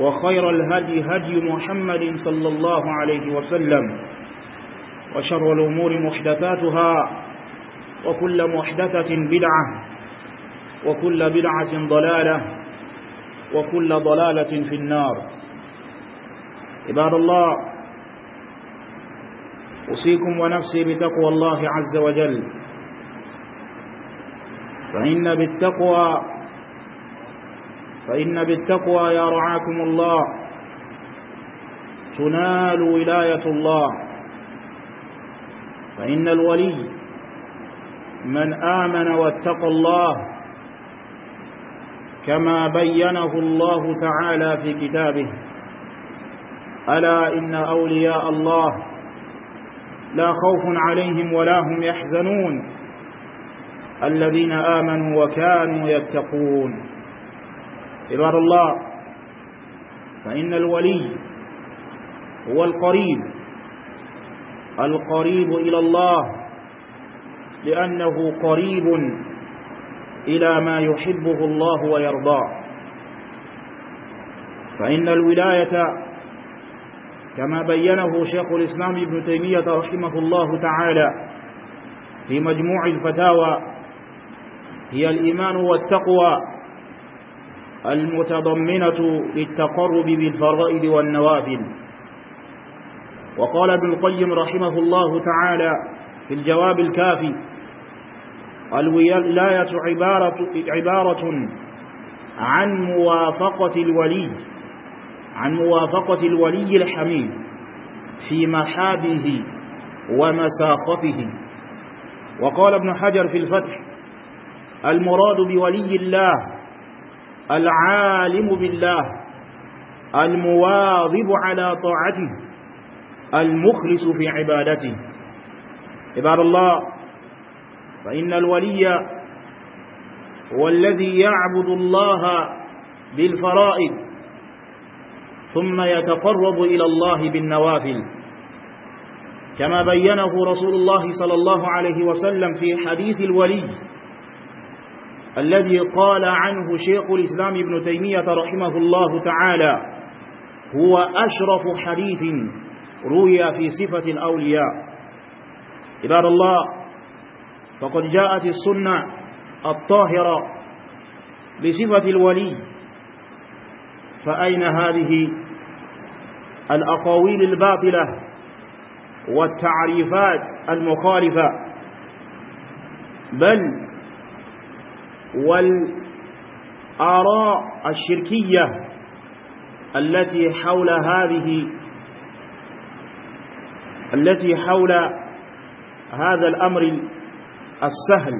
وخير الهدي هدي محمد صلى الله عليه وسلم وشر الأمور محدثاتها وكل محدثة بدعة وكل بدعة ضلالة وكل ضلالة في النار عباد الله أوصيكم ونفسي بتقوى الله عز وجل فإن بالتقوى فإن بالتقوى يا رعاكم الله تنال ولاية الله فإن الولي من آمن واتقى الله كما بينه الله تعالى في كتابه ألا إن أولياء الله لا خوف عليهم ولا هم يحزنون الذين آمنوا وكانوا يتقون عباد الله فإن الولي هو القريب القريب إلى الله لأنه قريب إلى ما يحبه الله ويرضاه فإن الولاية كما بينه شيخ الإسلام ابن تيمية رحمه الله تعالى في مجموع الفتاوى هي الإيمان والتقوى المتضمنة للتقرب بالفرائض والنوافل وقال ابن القيم رحمه الله تعالى في الجواب الكافي الولاية عبارة, عبارة عن موافقة الولي عن موافقة الولي الحميد في محابه ومساخطه وقال ابن حجر في الفتح المراد بولي الله العالم بالله المواظب على طاعته المخلص في عبادته عباد الله فإن الولي هو الذي يعبد الله بالفرائض ثم يتقرب إلى الله بالنوافل كما بينه رسول الله صلى الله عليه وسلم في حديث الولي الذي قال عنه شيخ الإسلام ابن تيمية رحمه الله تعالى هو أشرف حديث روي في صفة الأولياء عباد الله فقد جاءت السنة الطاهرة بصفة الولي فأين هذه الأقاويل الباطلة والتعريفات المخالفة بل والآراء الشركية التي حول هذه التي حول هذا الأمر السهل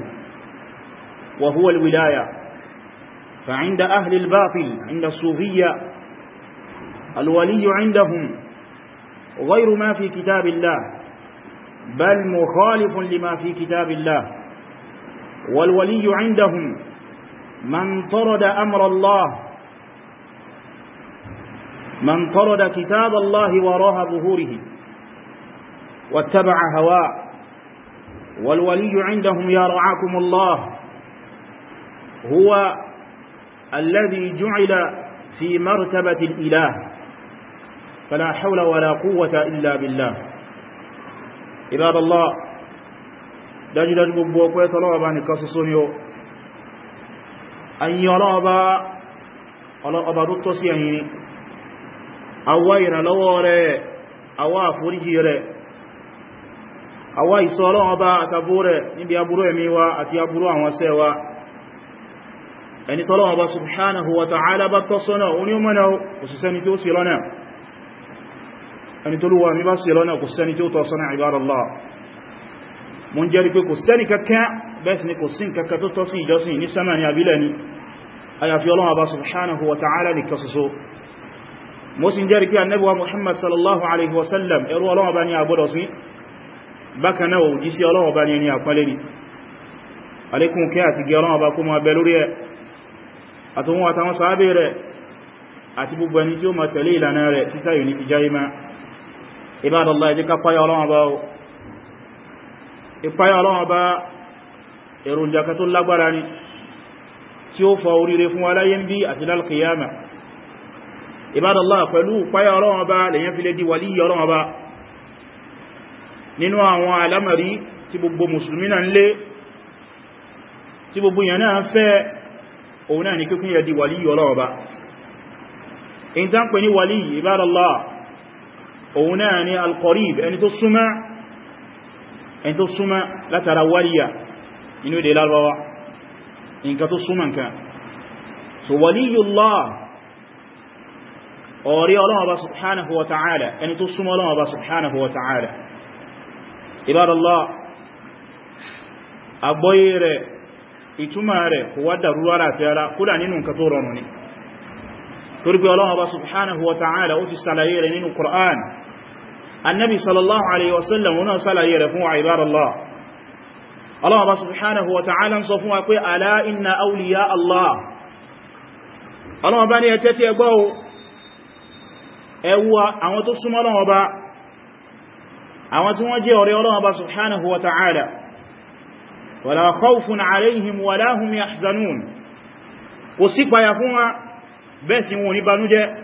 وهو الولاية فعند أهل الباطل عند الصوفية الولي عندهم غير ما في كتاب الله بل مخالف لما في كتاب الله والولي عندهم من طرد أمر الله من طرد كتاب الله وراء ظهوره واتبع هواه والولي عندهم يا رعاكم الله هو الذي جعل في مرتبة الإله فلا حول ولا قوة إلا بالله عباد الله dájúdájú gbogbo ọpẹ́ tọ́lọ́wọ́ bá nìkan ṣoṣo ni ó ayin ọlọ́ọba tó tọ́ sí ẹ̀yin ni àwa ìrànlọ́wọ́ rẹ̀ àwa àforíjì rẹ̀ àwa ìsọ ọlọ́ọba àtàbó rẹ̀ níbi aburú ẹ̀mí wa àti aburú àwọn ṣẹ́ wa ẹni tọ́lọ́ọba subhanahu wa ta'ala bá tọ́ sọ́nà oní mọ́nà òṣìṣẹ́ni tó sì lọ́nà ẹni tó lúwa lọ́nà kò mo ń jẹ́rí pé kò sẹ́ni kankan bẹ́ẹ̀sì ni kò sí kankan tó tọ́ sí ìjọsìn ní sánmà ní abílẹ̀ ni àyàfi Ọlọ́run Ọba subhanahu wa ta'ala lè kọsọsọ mo sì ń jẹ́rí pé annabuwa Muhammad sallallahu alaihi wasallam ẹrú Ọlọ́run Ọba ni agbọ́dọ̀ sí bákan náà òjí sí Ọlọ́run Ọba ni àpálẹ́ ni alékún kí àti gbogbo ẹni tí ó máa tẹ̀lé ìlànà rẹ̀ títà yìí ní ìjáyé máa ibádọ́lá ẹjẹ́ ká páyà Ọlọ́run Ọba ìpáyà ọlọ́run ọba èròjà kan tó lágbára ni tí ó fa oríire fún aláyé ń bí àti lálkìyàmà ìbádọ́lá pẹ̀lú ìpáyà ọlọ́run ọba lèyàn fi lè di wàlí ọlọ́run ọba nínú àwọn alámàrí tí gbogbo mùsùlùmí náà ń lé ẹni tó súnmọ́ látara wáríyà inú èdè lárọwá nǹkan tó súnmọ́ nǹkan so waliyullah ọ̀rẹ́ Ọlọ́run Ọba subhanahu wa ta'ala ẹni tó súnmọ́ Ọlọ́run Ọba subhanahu wa ta'ala ibadallah agbóyé rẹ̀ ìtumà rẹ̀ kò wá dàrú ara fi ara kúrò nínú nǹkan tó rọrùn ni torí pé subhanahu wa ta'ala ó ti sàlàyé rẹ̀ nínú Qur'an annabi sallallahu alaihi wasallam wọn sálàyé rẹ̀ fún wa ibadallah Allah bá subhanahu wa ta'ala sọ fún wa pé ala inna awliya Allah Allah bá ní ẹ tẹ́tí ẹgbọ́ ẹwà àwọn tó súnmọ́ Allah bá àwọn tí wọ́n jẹ́ ọ̀rẹ́ Allah bá subhanahu wa ta'ala wala khawfun alaihim wala hum yahzanun kò sí payà fún wa bẹ́ẹ̀ sí wọn ní banújẹ́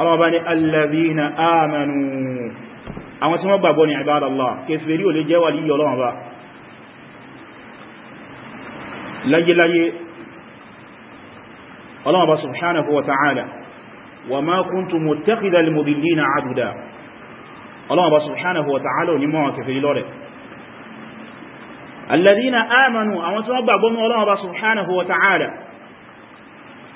ọlọ́ọ̀bá ní alladhina amanu àwọn tí wọ́n gbàgbọ́ ní ibadallah kèfèrí ò lè jẹ́ wàlí yọ lọ́wọ́ bá láyéláyé ọlọ́ọ̀bá subhanahu wa ta'ala wa ma kuntu muttakhidal mudillina aduda ọlọ́ọ̀bá subhanahu wa ta'ala ní mọ́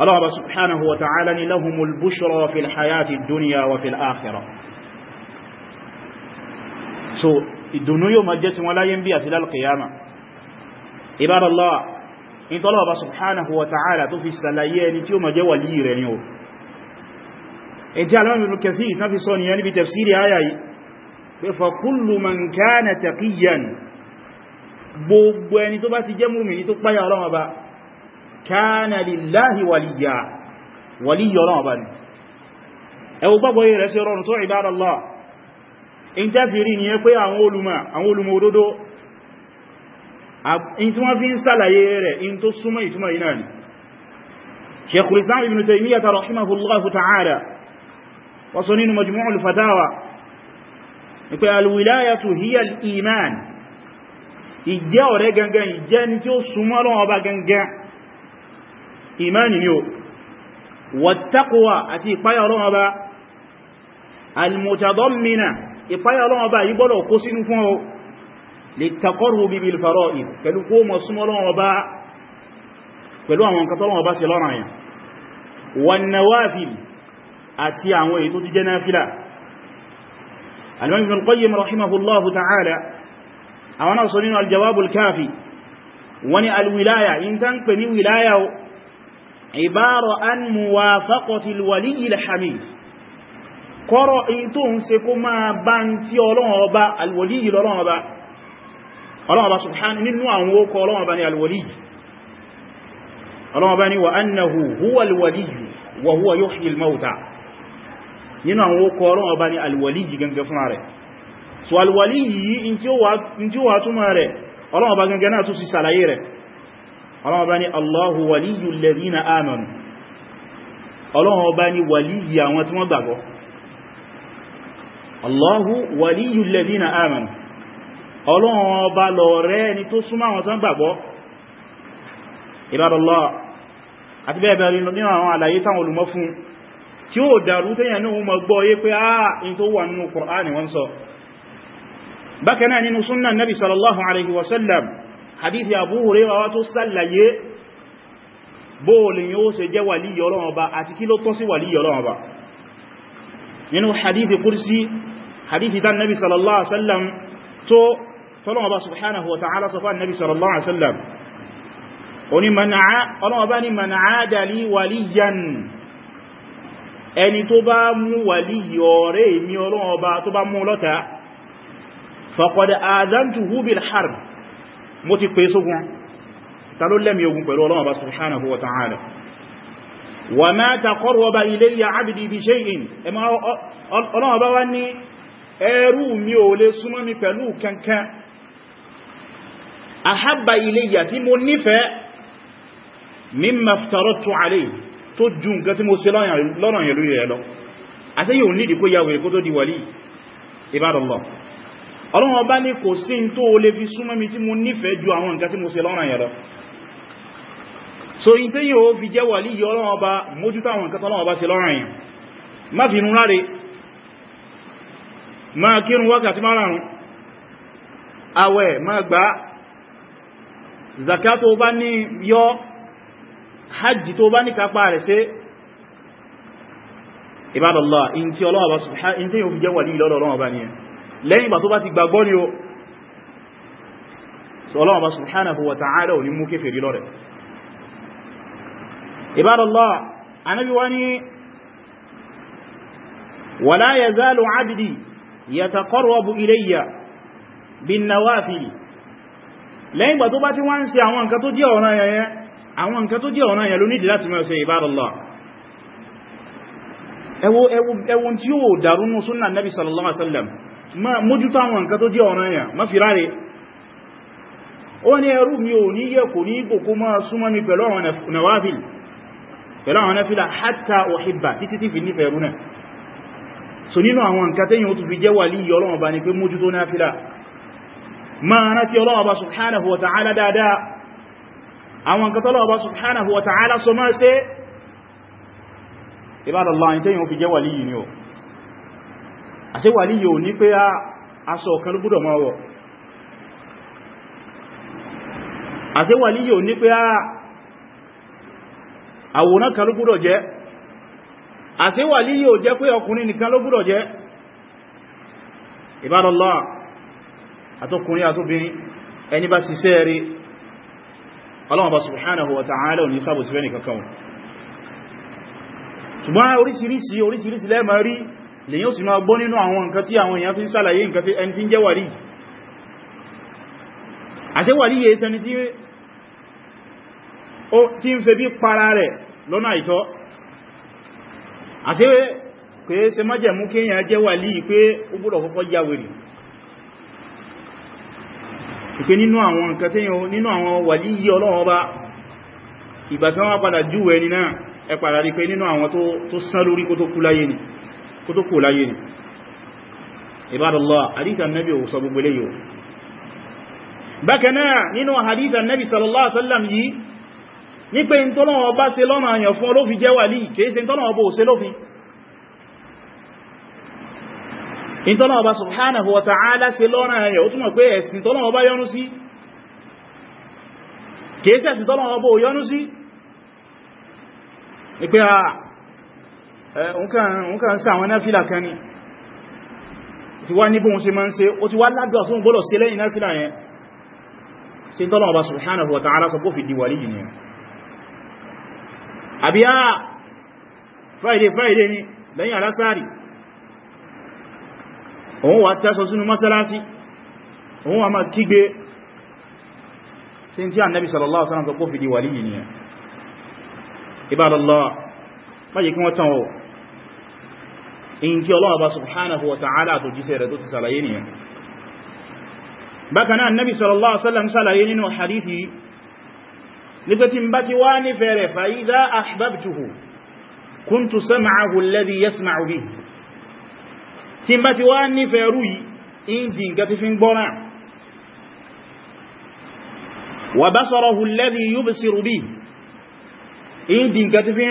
Allah subhanahu wa ta'ala ni lahumul bushra fil hayati dunya wa fil akhirah so ìdùnnú yóò máa jẹ́ ti wọn láyé ń bí àti lálqiyama ibadallah in tọ́lọ̀ bá subhanahu wa ta'ala tó fi sàlàyé ẹni tí ó máa jẹ́ wàlí rẹ̀ ni o ẹjẹ́ alamọ́bìnrin kẹfì kana lillahi waliya waliya ọlọ́wọ́ bá ní ẹwọ gbogbo yìí rẹ̀ sí rọrùn tó ibadallah in tẹ́fìrí ni ẹ pé àwọn olùmọ̀ àwọn olùmọ̀ òdodo in tí wọ́n fi ń sàlàyé rẹ̀ in tó súnmọ́ ìtumọ̀ yìí náà ni shaykhul islam ibn taymiyyah rahimahullahu ta'ala wasu nínú majmu'ul fatawa ìjẹ́ ọ̀rẹ́ gangan ìjẹ́ ni tí ó súnmọ́ lọ́wọ́ bá gangan ìmáni ni o wattaquwa àti ìpáyà Ọlọ́run Ọba almutadammina ìpáyà Ọlọ́run Ọba yìí gbọ́dọ̀ kó sínú fún o littaqarrubi bil fara'id pẹ̀lú kó mọ̀ súnmọ́ Ọlọ́run Ọba pẹ̀lú àwọn nǹkan t'Ọlọ́run Ọba ṣe lọ́ranyàn wan nawafil àti àwọn èyí tó ti jẹ́ náfílà wani alwilaya in ta ń pè ní wilaya ìbára an muwafaqatil waliyil hamid kọ́rọ̀ èyí tó ń ṣe kó máa bá ń tí ọlọ́run ọba alwaliyi lọ́rọ̀ ọba ọlọ́run ọba subhanahu nínú àwọn okọ̀ ọlọ́run ọba ni alwaliyi ọlọ́run ọba ni wa annahu huwa alwaliyi wa huwa yuhyi almauta nínú ọlọ́wọ́ bá ní Allahu waliyu alladhina amanu ọlọ́wọ́ bá ní waliyi àwọn tí wọ́n gbàgbọ́ Allahu waliyu alladhina amanu ọlọ́wọ́ bá lọ rẹ́ ni tó súnmọ́ àwọn tán gbàgbọ́ ibadallah àti bẹ́ẹ̀bẹ̀rẹ̀ nínú àwọn àlàyé táwọn olùmọ́ fún tí ó dàrú tẹ́yàn wọ́n sọ hadithi Abu Hurairah wá tó sàlàyé bóòlù yóò ṣe jẹ́ wàlí Ọlọ́run Ọba àti kí ló tọ́ sí wàlí Ọlọ́run Ọba nínú hadithi kursi hadithi tán nabi sallallahu alaihi wasallam tó tọ́lọ́run Ọba subhanahu wa ta'ala sọ fún nabi sallallahu alaihi wasallam oni Ọlọ́run Ọba ni man adali waliyan ẹni tó bá mú wàlí ọ̀rẹ́ mi Ọlọ́run Ọba tó bá mú lọ́ta faqad azantuhu bil harb mo ti pè sógun ta ló lẹ́mí ogun pẹ̀lú Ọlọ́run Ọba subhanahu wa ta'ala wa ma taqarraba ilayya 'abdi bi shay'in Ọlọ́run Ọba wá ní ẹrú mi ò lè súnmọ́ mi pẹ̀lú kankan ahabba ilayya tí mo nífẹ̀ẹ́ mimma aftaratu alayhi tó ju nǹkan tí mo ṣe lọ́rọ̀ yẹ̀lú rẹ̀ ọlọ́run ọba ní kò sí n tó lè fi súnmọ́ mi tí mo nífẹ̀ẹ́ ju àwọn nǹkan tí mo ṣe lọ́ràn yẹn so in tí yíò fi jẹ́ wàlí yìí ọlọ́run ọba mójútó àwọn nǹkan tọ́lọ́run ọba ṣe lọ́ràn yẹn má fi irun láre má kírun wákàtí márùn-ún àwẹ̀ má gbà zakat tó bá ní yọ hajj lẹ́yìn bá tó bá ti gbàgbọ́ ni ó so Allah bá subhanahu wa ta'ala ò ní mú kéfèrí lọ́rẹ̀ ibadallah anábi wani wala yazalu abdi yataqarrabu ilayya bin nawafil lẹ́yìn bá tó bá wá ń ṣe àwọn nǹkan tó jẹ́ ọ̀ràn yẹn àwọn nǹkan tí ó dàrúnú súnnà nabi sallallahu alaihi ma mójútó àwọn nǹkan tó jẹ́ ọ̀ràn yà má fi ráre ó ní ẹrú mi ò ní yẹ kò ní kòkó máa súnmọ́ mi pẹ̀lú àwọn nawafil pẹ̀lú àwọn nafila hatta uhibba títí tí fi nífẹ̀ẹ́ rú náà so nínú àwọn nǹkan tẹ́yìn ó tún fi jẹ́ wàlí yìí Ọlọ́run bá ní pé mójútó nafila àṣẹ wàlí yóò ní pé ah, aṣọ ọ̀kan ló gbọ́dọ̀ máa wọ̀ àṣẹ wàlí yóò ní pé ah, àwòrán kan ló gbọ́dọ̀ jẹ́ àṣẹ wàlí yóò jẹ́ pé ọkùnrin nìkan ló gbọ́dọ̀ jẹ́ Ibadallah àtọkùnrin àtobìnrin ẹni bá ṣiṣẹ́ rí Ọlọ́hun lèyìn ó sì máa gbọ́ nínú àwọn nǹkan tí àwọn èèyàn fi ń sàlàyé nǹkan tí ẹni tí ń jẹ́ wàrí àṣẹ wàrí yẹ sẹni tí ń fẹ́ bí para rẹ̀ lọ́nà àìtọ́ àṣẹ pé ṣe má jẹ̀mú kí èèyàn jẹ́ wàlí pé ó gbọ́dọ̀ kọ́kọ́ já wèrè ìpé nínú àwọn nǹkan tí nínú àwọn wàlí yí ọlọ́wọ́ bá ìgbà tí wọ́n padà júwẹ́ ni náà ẹ padà rí pé nínú àwọn tó sán lórí kó tó kú láyé ni kó tó kò láyé ni ibadallah hadisa nabi ò sọ gbogbo lè yóò bákanáà nínú hadisa nabi sallallahu alaihi wasallam yìí ní pé ìtọ́lọ́wọ́ bá ṣe lọ́nà àyàn fún olófin jẹ́ wà líì kìí ṣe ìtọ́lọ́wọ́ bó ṣe lófin ìtọ́lọ́wọ́ bá subhanahu wa nǹkan sáwọn náfílà kan ní ti wá níbò ṣe máa ń ṣe ó ti wá lágbà tó ń gbọ́lọ̀ sí lẹ́yìn náfílà yẹn sí tọ́lọ̀ ọba subhanahu wa ta'ala sọ kó fi di wàlí yìí àbí á ah, Friday Friday ni lẹ́yìn alásàrì òun wà tẹ́sọ sínú mọ́sálásí òun wà máa kígbe yìí kí wọ́n tán wọ́n in tí Ọlọ́run Ọba subhanahu wa ta'ala tó jíṣẹ́ rẹ̀ tó ti sàlàyé nìyàn bákanáà annabi sallallahu alaihi wasallam sàlàyé nínú hadithi nígbà tí bá ti wá ní fẹ́rẹ̀ fa ahbabtuhu kuntu sam'ahu alladhi yasma'u bihi tí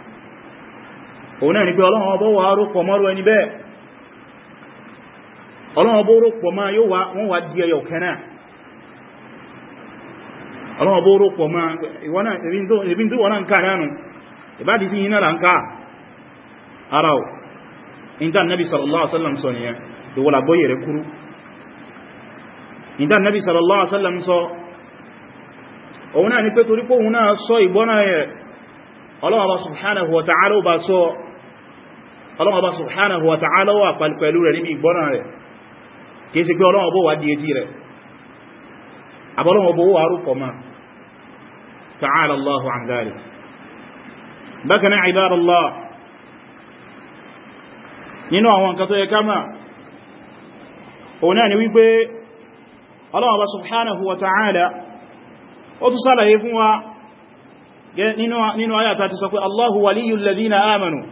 òun náà ni pé ọlọ́run ọbọ̀ wà rúpọ̀ mọ́rú ẹni bẹ́ẹ̀ ọlọ́run ọbọ̀ rúpọ̀ máa yóò wọ́n wà di ẹyọ kẹ́nà ọlọ́run ọbọ̀ rúpọ̀ máa ìbí náà ìbádi tí arawu nabi sallallahu náà ni pé náà sọ ìgbọ́nà rẹ̀ subhanahu ọlọ́wọ́ bá subhanahu wa ta'ala wà pẹ̀lú rẹ̀ níbi ìgbọ́nà rẹ̀ kìí sí pé ọlọ́wọ́ bó wà di etí rẹ̀ àbọ́lọ́wọ́ bó wà rúkọ ma ta'ala Allahu an dhalik bákan náà ibadallah nínú àwọn nǹkan tó yẹ kama òun náà ni ti sọ pé Allahu waliyul ladhina amanu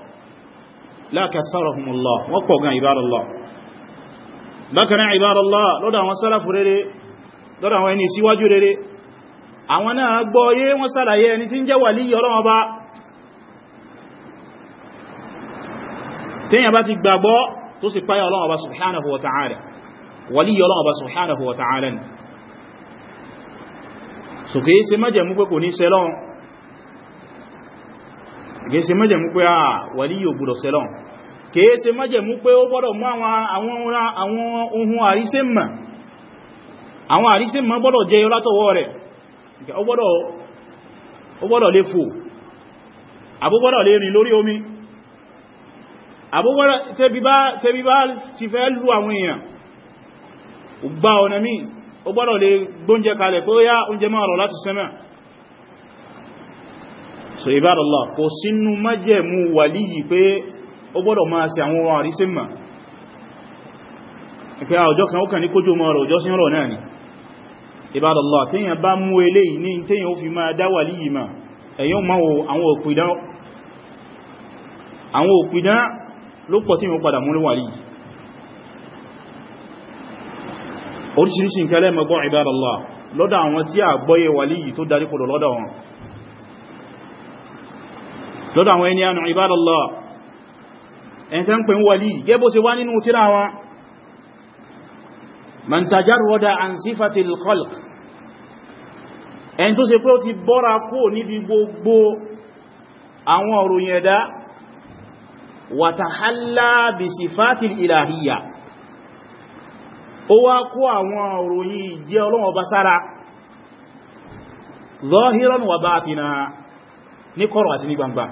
la kasarahumullah wọ́n pọ̀ gan ibadallah bákanáà ibadallah lọ́dọ̀ àwọn sálàfù rere lọ́dọ̀ àwọn ẹni síwájú rere àwọn náà gbọ́ yé wọ́n sàlàyé ẹni tí ń jẹ́ wàlíyí Ọlọ́run bá tẹ́yàn bá ti gbàgbọ́ tó sì páyà Ọlọ́run bá gẹ́ẹ̀sẹ̀ mẹ́jẹ̀mú pé à ah, wàlí yóò gbọ́dọ̀ sẹ́lọ̀n kẹ́ẹ̀sẹ̀ mẹ́jẹ̀mú pé ó gbọ́dọ̀ mú àwọn ohun àrísẹ́mà àwọn àrísẹ́mà gbọ́dọ̀ jẹyọ látọwọ́ rẹ̀ ó gbọ́dọ̀ lè fò àbó gbọ́dọ̀ lè rìn lórí omi àbó gbọ́dọ̀ tẹbí bá ti fẹ́ lú àwọn èèyàn so ibadallah kò sínú májẹ̀mú wàlíyì pé ó gbọ́dọ̀ máa ṣe àwọn ohun àrísí mà ìpé àwọjọ́ ah, kan ó kàn ní kójò mọ́ ọ̀rọ̀ òjọ́sí ọ̀rọ̀ náà ni ibadallah tíyàn bá mú eléyìí ní tíyàn ó fi máa dá wàlíyì mà ẹ̀yàn máa àwọn òpìdán ló pọ̀ ibadallah lọ́dọ̀ àwọn lọ́dọ̀ àwọn ẹni ànà ìbádọ́lọ́ ẹni tẹ́ ń pè ń wọlí gẹ́bó se wá nínú tíra wa man tajarwada an sífàtí al-khalq ẹni tó se pé ó ti bọ́ra kó níbi gbogbo àwọn òròyìn wàtàhálà bí sífàtí ìlàhíyà ó wá kó àwọn òròyìn ìjẹ́ ọlọ́wọ̀ bá sára zahiran wa batina ní kọ̀rọ̀ àti ní gbangba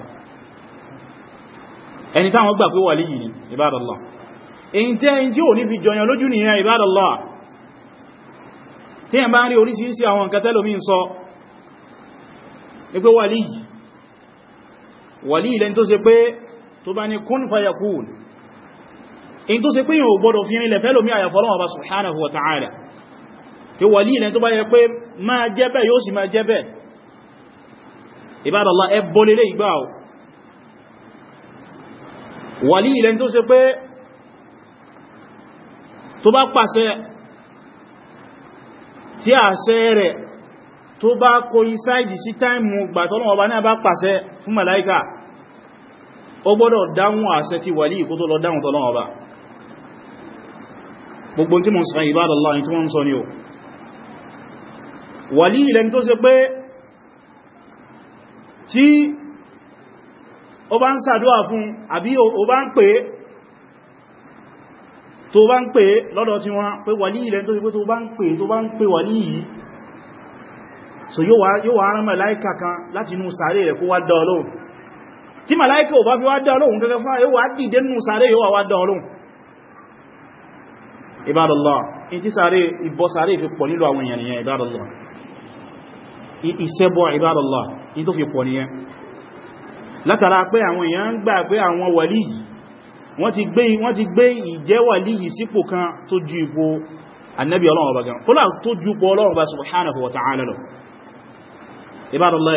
ẹni táwọn gbà pé wàlí yìí ìbádọ́lá èyí tẹ́ ẹni tí ò ní fi jọyàn lójú nìyàn ìbádọ́lá tí ẹ bá rí oríṣiríṣi àwọn nǹkan tẹ́lòmí sọ ipé wàlí yìí wàlí ilẹ̀ tó ṣe pé tó bá ní kún fayakún in tó ṣe pé yíò gbọ́dọ̀ fi ìbádàlá ẹbọ lélé ìgbà ọ̀ wàlí ilẹ̀ tó ṣe pé tó bá pàṣẹ tí àṣẹ rẹ̀ tó bá coincide sí táìmù gbàtọ́lọ́wọ́ bá náà bá pàṣẹ fún màláíkà ó gbọ́dọ̀ dáhùn àṣẹ ti wàlí kó tó lọ dáhùn tọ́lọ́wọ́ bá gbogbo tí mọ̀ sọ ìbádàlá ní wọ́n sọ ni ó wàlí ilẹ̀ tó ṣe pé tí ó bá ń sàdúwà fún àbí ó bá ń pè tó bá ń pè lọ́dọ̀ tí wọ́n pé wàlí ilẹ̀ tó pé tó bá ń pè tó bá ń pè wàlí yìí so yóò wá rán màláíkà kan láti inú sàárè rẹ̀ kó wá dá ọlọ́run tí màláíkà ò bá fi wá dá ọlọ́run gẹ́gẹ́ fún yóò wá dìde nínú sàárè yóò wá dá ọlọ́run ibadallah in ti sàárè ìbọ̀ sàárè fi pọ̀ nílò àwọn èèyàn ìyẹn ibadallah ìṣẹ́bọ̀ ìbádọ́lá ní tó fi pọ̀ nìyẹn látara pé àwọn èèyàn ń gbà pé àwọn wàlí yìí wọ́n ti gbé ìjẹ́ wàlí yìí sípò kan tó ju ipò annabi ọlọ́run ọba gan kólà tó ju ipò ọlọ́run wa ta'ala lọ ìbádọ́lá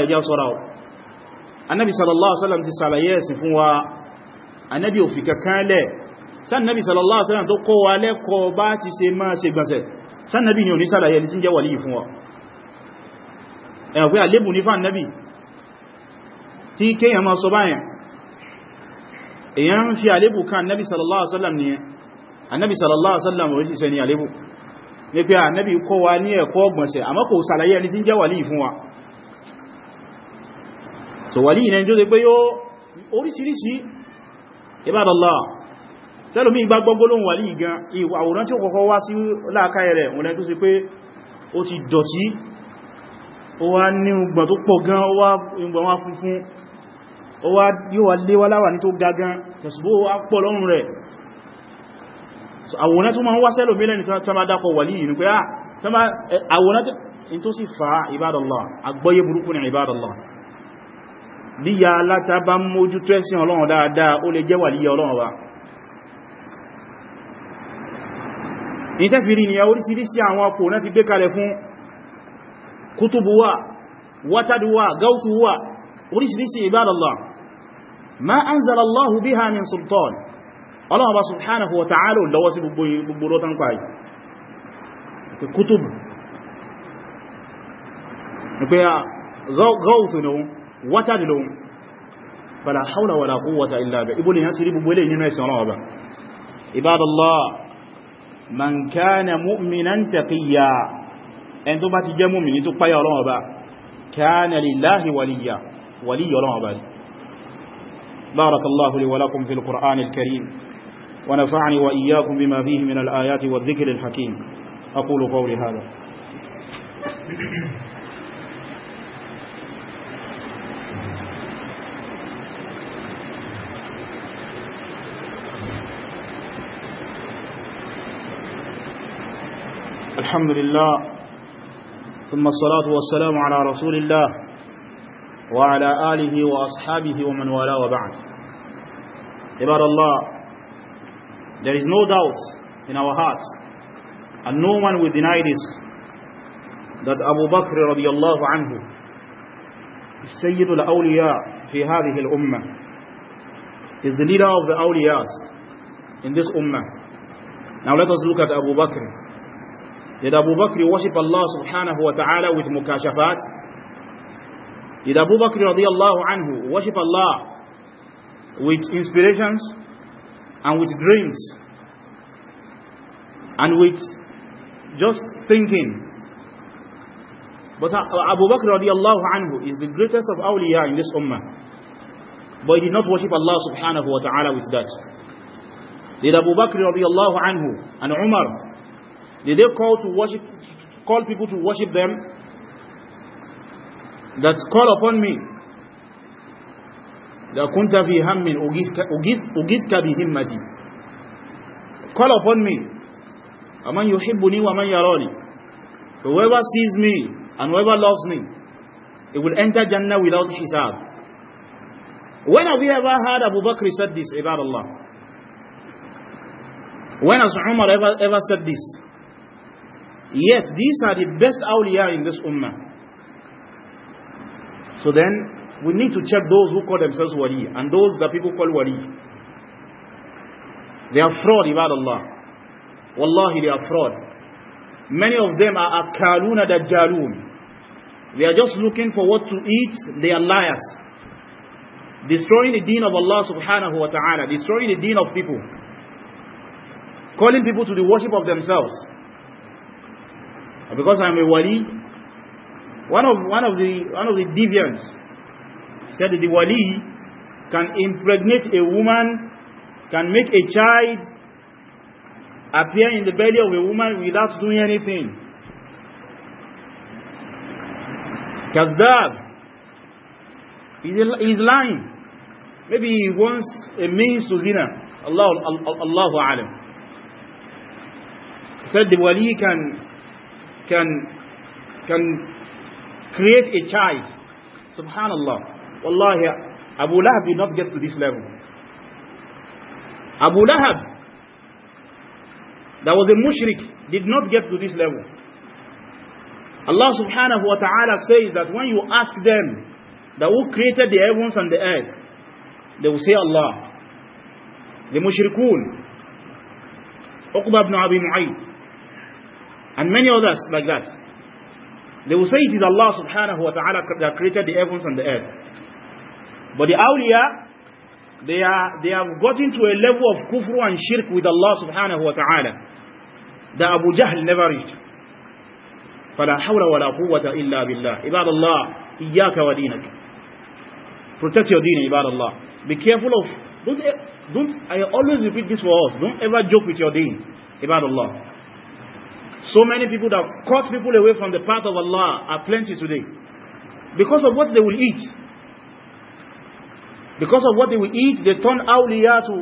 ti sàlàyé ẹ̀sìn fún wa annabi ò fi kankan sallallahu alaihi wasallam tó kọ́ wa wa ẹ̀yàn pé àlébù ní fà nẹ́bì tí kéèyàn máa sọ báyàn èyàn ń fi àlébù ká nẹ́bì sallallahu alaihi wasallam ni ànẹ́bì sallallahu alaihi wasallam orí sísẹ ni àlébù ní pé ànẹ́bì kọ́ wa ní ẹ̀kọ́ ọgbọ̀nsẹ̀ àmọ́ kò sàlàyé ẹni tí ń jẹ́ wàlí fún wa so wàlí ìnẹ́ jọ́ pé yóò oríṣiríṣi ibadallah tẹ́lùmí ìgbà gbogbolóhùn wàlí gan àwòrán tí ó kọ́kọ́ wá sí láàkáyẹ̀ rẹ̀ òun lẹ́tún sí pé ó ti dọ̀tí ó wá ní ìgbọ̀n tó pọ̀ gan ó wá ìgbọ̀n wá funfun ó wá yíò wá léwá láwà ní tó ga gan tẹ̀sùbó wá pọ̀ lọ́rùn rẹ̀ àwòrán tó máa ń wá sẹ́lò mílẹ̀ ní tán bá dápọ̀ wà líyìn pé ah, àwòrán tó sì fa ibadallah agbọ́yé burúkú ní ibadallah bí ya aláta bá mójú tẹ́sìn ọlọ́run dáadáa ó lè jẹ́ wà líyà ọlọ́run wa ní tẹ́fìrí ni ya orísìírísìí àwọn ọkùnrin ti gbé kalẹ̀ fún kútùbù wà wátàdù wà gáúsù wà oríṣiríṣi ibadallah ma anzalallahu biha min sultan ọlọ́wọ́ bá subhanahu wa ta'ala lọ́wọ́ sí gbogbo lọ́tán pàáyì kútùbù pé a gáúsù ni wọ́n wátàdù lọ́wọ́ bala haula wala quwwata illa billah ibole yan siri gbogbo eléyìí nínú ẹ̀sìn Ọlọ́run Ọba ibadallah man kana mu'minan taqiyya ẹni tó bá ti jẹ́ mùmínì tó páyà ọlọ́run ọba kana lillahi waliya waliya ọlọ́run ọba barakallahu li wa lakum fil qur'an al-karim wa nafa'ani wa iyyakum bima fihi min al-ayati wa zikirin hakim aqulu qawli hadha الحمد لله ثم الصلاة والسلام على رسول الله وعلى آله وأصحابه ومن ولا وبعد عبار Allah there is no doubt in our hearts and no one will deny this that Abu Bakr radiyallahu anhu عنه السيد الأولياء awliya fi هذه الأمة is the leader of the awliyas in this ummah now let us look at Abu Bakr Did Abu Bakr worship Allah subhanahu wa ta'ala with mukashafat? Did Abu Bakr radiallahu anhu worship Allah with inspirations and with dreams and with just thinking? But uh, Abu Bakr radiallahu anhu is the greatest of awliya in this ummah. But he did not worship Allah subhanahu wa ta'ala with that. Did Abu Bakr radiallahu anhu and Umar did they call to worship, call people to worship them? That call upon me. لَا كُنْتَ فِي هَمٍ أُغِثْكَ بِهِمَّتِي Call upon me. أَمَنْ يُحِبُّنِي وَمَنْ yarani. Whoever sees me and whoever loves me, it will enter Jannah without hisab. When have we ever heard Abu Bakr said this about Allah? When has Umar ever, ever said this? Yet these are the best awliya in this ummah. So then we need to check those who call themselves wali and those that people call wali. They are fraud, ibad Allah. Wallahi, they are fraud. Many of them are akaluna dajjalun. They are just looking for what to eat. They are liars. Destroying the deen of Allah subhanahu wa ta'ala. Destroying the deen of people. Calling people to the worship of themselves and because I'm a wali, one of, one of, the, one of the deviants said that the wali can impregnate a woman, can make a child appear in the belly of a woman without doing anything. Kazdab. He's lying. Maybe he wants a means to zina. Allah, Allah, Allahu Alam. He said the wali can can can create a child. Subhanallah. Wallahi, Abu Lahab did not get to this level. Abu Lahab, that was a mushrik, did not get to this level. Allah subhanahu wa ta'ala says that when you ask them that who created the heavens and the earth, they will say Allah. The mushrikun, Uqba ibn Abi Mu'ayyid, and many others like that. They will say it is Allah subhanahu wa ta'ala that created the heavens and the earth. But the awliya, they, are, they have gotten to a level of kufru and shirk with Allah subhanahu wa ta'ala that Abu Jahl never reached. فَلَا حَوْلَ وَلَا قُوَّةَ إِلَّا بِاللَّهِ عباد الله إياك ودينك Protect your deen, عباد الله. Be careful of, don't, don't, I always repeat this for us, don't ever joke with your deen, عباد الله. So many people that cut people away from the path of Allah are plenty today. Because of what they will eat. Because of what they will eat, they turn awliya to,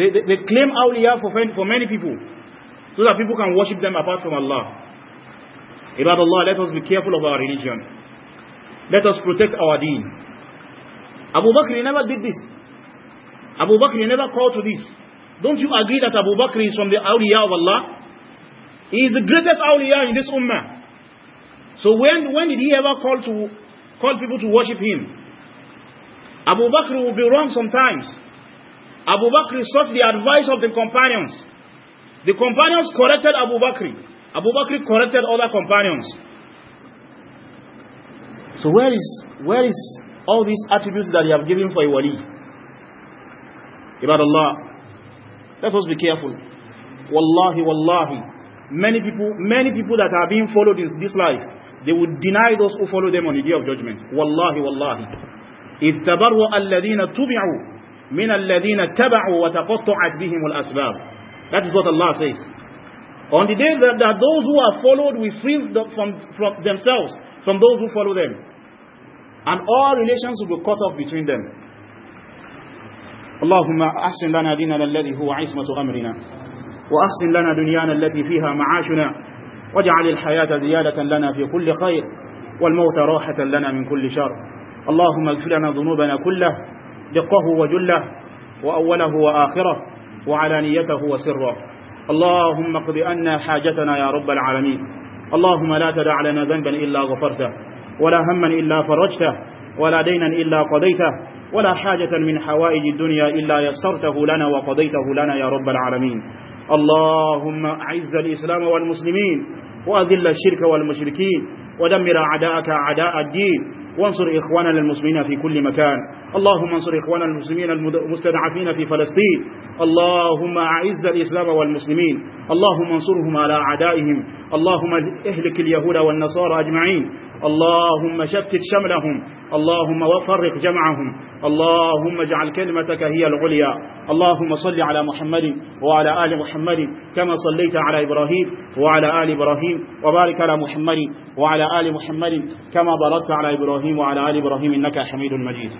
they, they, they claim awliya for, for many people. So that people can worship them apart from Allah. About Allah, let us be careful of our religion. Let us protect our deen. Abu Bakr never did this. Abu Bakr never called to this. Don't you agree that Abu Bakr is from the awliya of Allah? He is the greatest awliya in this ummah. So when, when did he ever call, to, call people to worship him? Abu Bakr will be wrong sometimes. Abu Bakr sought the advice of the companions. The companions corrected Abu Bakr. Abu Bakr corrected other companions. So where is, where is all these attributes that you have given for a wali? Ibad Allah. Let us be careful. Wallahi, wallahi many people many people that are being followed in this life they would deny those who follow them on the day of judgment wallahi wallahi إذ تبرأ الذين تبعوا من الذين تبعوا وتقطعت بهم الأسباب that is what Allah says on the day that, that those who are followed will free from, from themselves from those who follow them and all relations will be cut off between them اللهم أحسن لنا ديننا الذي هو عصمة أمرنا وأحسن لنا دنيانا التي فيها معاشنا واجعل الحياة زيادة لنا في كل خير والموت راحة لنا من كل شر اللهم اغفر لنا ذنوبنا كله دقه وجله وأوله وآخره وعلانيته وسره اللهم اقض عنا حاجتنا يا رب العالمين اللهم لا تدع لنا ذنبا إلا غفرته ولا هما إلا فرجته ولا دينا إلا قضيته ولا حاجة من حوائج الدنيا إلا يسرته لنا وقضيته لنا يا رب العالمين اللهم أعز الإسلام والمسلمين وأذل الشرك والمشركين ودمر أعداءك أعداء الدين وانصر إخواننا المسلمين في كل مكان اللهم انصر إخواننا المسلمين المستضعفين في فلسطين اللهم أعز الإسلام والمسلمين اللهم انصرهم على أعدائهم اللهم اهلك اليهود والنصارى أجمعين اللهم شتت شملهم اللهم وفرق جمعهم اللهم اجعل كلمتك هي العليا اللهم صل على محمد وعلى آل محمد كما صليت على إبراهيم وعلى آل إبراهيم وبارك على محمد وعلى آل محمد كما باركت على إبراهيم وعلى آل إبراهيم إنك حميد مجيد